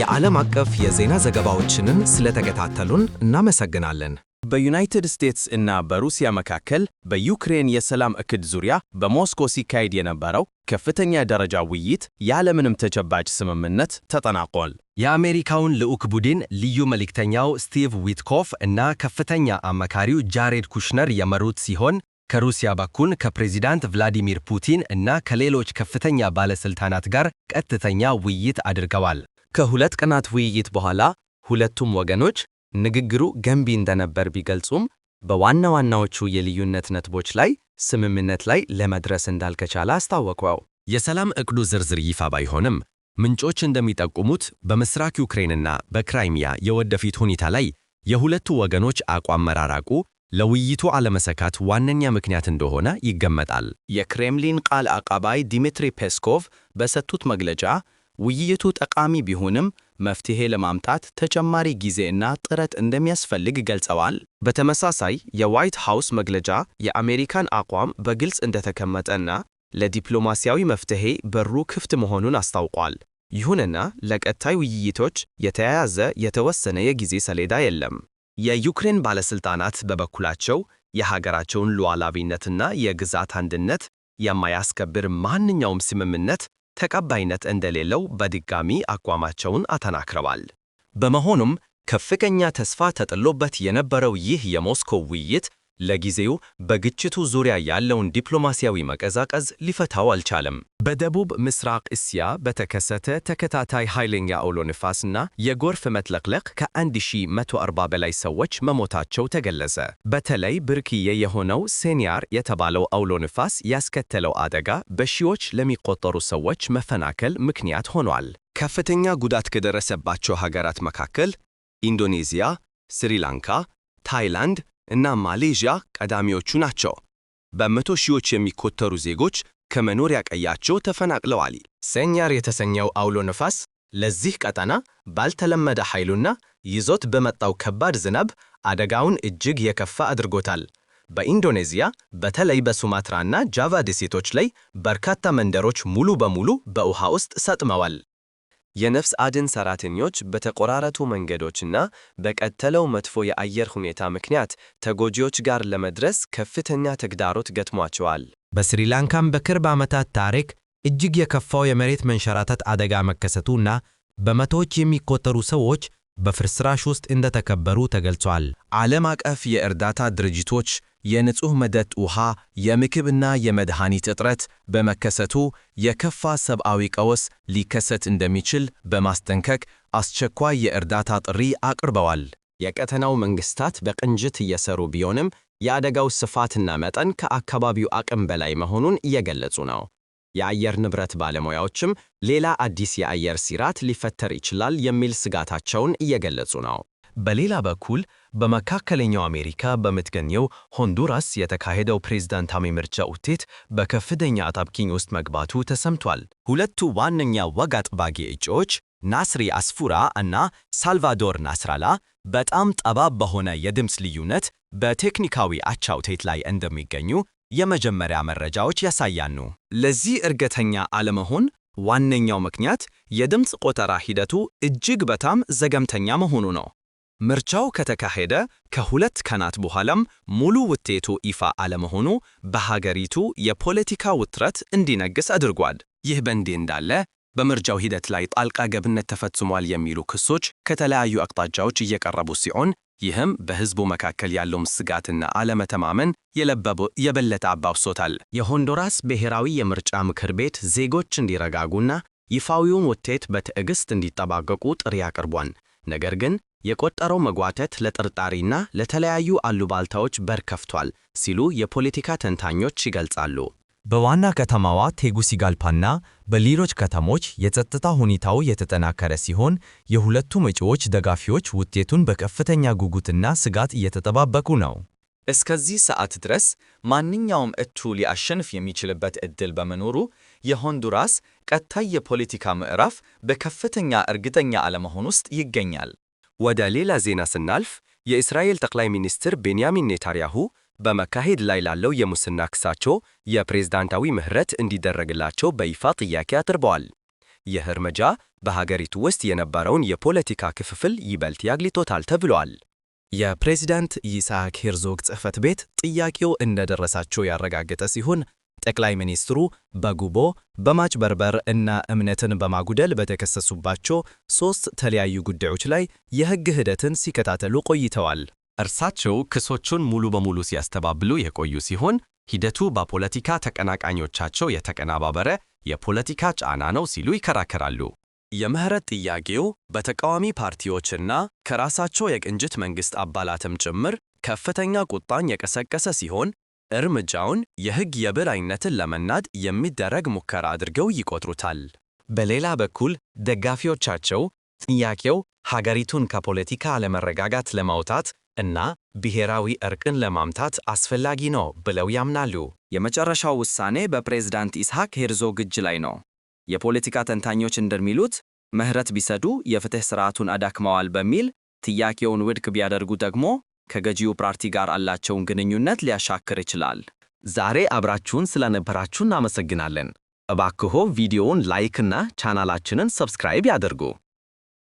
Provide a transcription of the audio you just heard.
የዓለም አቀፍ የዜና ዘገባዎችንን ስለተከታተሉን እናመሰግናለን። በዩናይትድ ስቴትስ እና በሩሲያ መካከል በዩክሬን የሰላም እቅድ ዙሪያ በሞስኮ ሲካሄድ የነበረው ከፍተኛ ደረጃ ውይይት ያለምንም ተጨባጭ ስምምነት ተጠናቋል። የአሜሪካውን ልዑክ ቡድን ልዩ መልእክተኛው ስቲቭ ዊትኮፍ እና ከፍተኛ አማካሪው ጃሬድ ኩሽነር የመሩት ሲሆን ከሩሲያ በኩል ከፕሬዚዳንት ቭላዲሚር ፑቲን እና ከሌሎች ከፍተኛ ባለሥልጣናት ጋር ቀጥተኛ ውይይት አድርገዋል። ከሁለት ቀናት ውይይት በኋላ ሁለቱም ወገኖች ንግግሩ ገንቢ እንደነበር ቢገልጹም በዋና ዋናዎቹ የልዩነት ነጥቦች ላይ ስምምነት ላይ ለመድረስ እንዳልከቻለ አስታወቀው። የሰላም እቅዱ ዝርዝር ይፋ ባይሆንም ምንጮች እንደሚጠቁሙት በምስራቅ ዩክሬንና በክራይሚያ የወደፊት ሁኔታ ላይ የሁለቱ ወገኖች አቋም መራራቁ ለውይይቱ አለመሰካት ዋነኛ ምክንያት እንደሆነ ይገመጣል። የክሬምሊን ቃል አቀባይ ዲሚትሪ ፔስኮቭ በሰጡት መግለጫ ውይይቱ ጠቃሚ ቢሆንም መፍትሄ ለማምጣት ተጨማሪ ጊዜና ጥረት እንደሚያስፈልግ ገልጸዋል። በተመሳሳይ የዋይት ሃውስ መግለጫ የአሜሪካን አቋም በግልጽ እንደተቀመጠና ለዲፕሎማሲያዊ መፍትሄ በሩ ክፍት መሆኑን አስታውቋል። ይሁንና ለቀጣይ ውይይቶች የተያያዘ የተወሰነ የጊዜ ሰሌዳ የለም። የዩክሬን ባለሥልጣናት በበኩላቸው የሀገራቸውን ሉዓላዊነትና የግዛት አንድነት የማያስከብር ማንኛውም ስምምነት ተቀባይነት እንደሌለው በድጋሚ አቋማቸውን አተናክረዋል። በመሆኑም ከፍተኛ ተስፋ ተጥሎበት የነበረው ይህ የሞስኮ ውይይት ለጊዜው በግጭቱ ዙሪያ ያለውን ዲፕሎማሲያዊ መቀዛቀዝ ሊፈታው አልቻለም። በደቡብ ምስራቅ እስያ በተከሰተ ተከታታይ ኃይለኛ አውሎ ንፋስና የጎርፍ መጥለቅለቅ ከ1140 በላይ ሰዎች መሞታቸው ተገለጸ። በተለይ ብርቅዬ የሆነው ሴኒያር የተባለው አውሎ ንፋስ ያስከተለው አደጋ በሺዎች ለሚቆጠሩ ሰዎች መፈናቀል ምክንያት ሆኗል። ከፍተኛ ጉዳት ከደረሰባቸው ሀገራት መካከል ኢንዶኔዚያ፣ ስሪላንካ፣ ታይላንድ እና ማሌዥያ ቀዳሚዎቹ ናቸው። በመቶ ሺዎች የሚቆጠሩ ዜጎች ከመኖሪያ ቀያቸው ተፈናቅለዋል። ሴኛር የተሰኘው አውሎ ነፋስ ለዚህ ቀጠና ባልተለመደ ኃይሉና ይዞት በመጣው ከባድ ዝናብ አደጋውን እጅግ የከፋ አድርጎታል። በኢንዶኔዚያ በተለይ በሱማትራና ጃቫ ደሴቶች ላይ በርካታ መንደሮች ሙሉ በሙሉ በውሃ ውስጥ ሰጥመዋል። የነፍስ አድን ሰራተኞች በተቆራረቱ መንገዶችና በቀጠለው መጥፎ የአየር ሁኔታ ምክንያት ተጎጂዎች ጋር ለመድረስ ከፍተኛ ተግዳሮት ገጥሟቸዋል። በስሪላንካም በቅርብ ዓመታት ታሪክ እጅግ የከፋው የመሬት መንሸራተት አደጋ መከሰቱና በመቶዎች የሚቆጠሩ ሰዎች በፍርስራሽ ውስጥ እንደተከበሩ ተገልጿል። ዓለም አቀፍ የእርዳታ ድርጅቶች የንጹህ መጠጥ ውሃ፣ የምግብና የመድኃኒት እጥረት በመከሰቱ የከፋ ሰብአዊ ቀውስ ሊከሰት እንደሚችል በማስጠንቀቅ አስቸኳይ የእርዳታ ጥሪ አቅርበዋል። የቀጠናው መንግስታት በቅንጅት እየሰሩ ቢሆንም የአደጋው ስፋትና መጠን ከአካባቢው አቅም በላይ መሆኑን እየገለጹ ነው። የአየር ንብረት ባለሙያዎችም ሌላ አዲስ የአየር ሲራት ሊፈጠር ይችላል የሚል ስጋታቸውን እየገለጹ ነው። በሌላ በኩል በመካከለኛው አሜሪካ በምትገኘው ሆንዱራስ የተካሄደው ፕሬዝዳንታዊ ምርጫ ውጤት በከፍተኛ አጣብቂኝ ውስጥ መግባቱ ተሰምቷል። ሁለቱ ዋነኛ ወግ አጥባቂ እጩዎች ናስሪ አስፉራ እና ሳልቫዶር ናስራላ በጣም ጠባብ በሆነ የድምፅ ልዩነት በቴክኒካዊ አቻ ውጤት ላይ እንደሚገኙ የመጀመሪያ መረጃዎች ያሳያሉ። ለዚህ እርግጠኛ አለመሆን ዋነኛው ምክንያት የድምፅ ቆጠራ ሂደቱ እጅግ በጣም ዘገምተኛ መሆኑ ነው። ምርጫው ከተካሄደ ከሁለት ቀናት በኋላም ሙሉ ውጤቱ ይፋ አለመሆኑ በሀገሪቱ የፖለቲካ ውጥረት እንዲነግስ አድርጓል። ይህ በእንዲህ እንዳለ በምርጫው ሂደት ላይ ጣልቃ ገብነት ተፈጽሟል የሚሉ ክሶች ከተለያዩ አቅጣጫዎች እየቀረቡ ሲሆን ይህም በሕዝቡ መካከል ያለውም ስጋትና አለመተማመን የለበበ የበለጠ አባብሶታል። የሆንዱራስ ብሔራዊ የምርጫ ምክር ቤት ዜጎች እንዲረጋጉና ይፋዊውን ውጤት በትዕግስት እንዲጠባበቁ ጥሪ አቅርቧል። ነገር ግን የቆጠረው መጓተት ለጥርጣሬና ለተለያዩ አሉባልታዎች በር ከፍቷል ሲሉ የፖለቲካ ተንታኞች ይገልጻሉ። በዋና ከተማዋ ቴጉሲጋልፓና በሌሎች ከተሞች የጸጥታ ሁኔታው የተጠናከረ ሲሆን የሁለቱ እጩዎች ደጋፊዎች ውጤቱን በከፍተኛ ጉጉትና ስጋት እየተጠባበቁ ነው። እስከዚህ ሰዓት ድረስ ማንኛውም እጩ ሊያሸንፍ የሚችልበት ዕድል በመኖሩ የሆንዱራስ ቀጣይ የፖለቲካ ምዕራፍ በከፍተኛ እርግጠኛ አለመሆን ውስጥ ይገኛል። ወደ ሌላ ዜና ስናልፍ የእስራኤል ጠቅላይ ሚኒስትር ቤንያሚን ኔታንያሁ በመካሄድ ላይ ላለው የሙስና ክሳቸው የፕሬዝዳንታዊ ምህረት እንዲደረግላቸው በይፋ ጥያቄ አቅርበዋል። ይህ እርምጃ በሀገሪቱ ውስጥ የነበረውን የፖለቲካ ክፍፍል ይበልጥ ያግሊቶታል ተብሏል። የፕሬዝዳንት ይስሐቅ ሄርዞግ ጽሕፈት ቤት ጥያቄው እንደደረሳቸው ያረጋገጠ ሲሆን ጠቅላይ ሚኒስትሩ በጉቦ በማጭበርበር እና እምነትን በማጉደል በተከሰሱባቸው ሦስት ተለያዩ ጉዳዮች ላይ የሕግ ሂደትን ሲከታተሉ ቆይተዋል። እርሳቸው ክሶቹን ሙሉ በሙሉ ሲያስተባብሉ የቆዩ ሲሆን ሂደቱ በፖለቲካ ተቀናቃኞቻቸው የተቀነባበረ የፖለቲካ ጫና ነው ሲሉ ይከራከራሉ። የምህረት ጥያቄው በተቃዋሚ ፓርቲዎችና ከራሳቸው የቅንጅት መንግሥት አባላትም ጭምር ከፍተኛ ቁጣን የቀሰቀሰ ሲሆን እርምጃውን የሕግ የበላይነትን ለመናድ የሚደረግ ሙከራ አድርገው ይቆጥሩታል። በሌላ በኩል ደጋፊዎቻቸው ጥያቄው ሀገሪቱን ከፖለቲካ አለመረጋጋት ለማውጣት እና ብሔራዊ እርቅን ለማምታት አስፈላጊ ነው ብለው ያምናሉ። የመጨረሻው ውሳኔ በፕሬዝዳንት ኢስሐቅ ሄርዞግ እጅ ላይ ነው። የፖለቲካ ተንታኞች እንደሚሉት ምህረት ቢሰዱ የፍትሕ ሥርዓቱን አዳክመዋል በሚል ጥያቄውን ውድቅ ቢያደርጉ ደግሞ ከገዢው ፓርቲ ጋር አላቸውን ግንኙነት ሊያሻክር ይችላል። ዛሬ አብራችሁን ስለነበራችሁ እናመሰግናለን። እባክዎ ቪዲዮውን ላይክ እና ቻናላችንን ሰብስክራይብ ያድርጉ።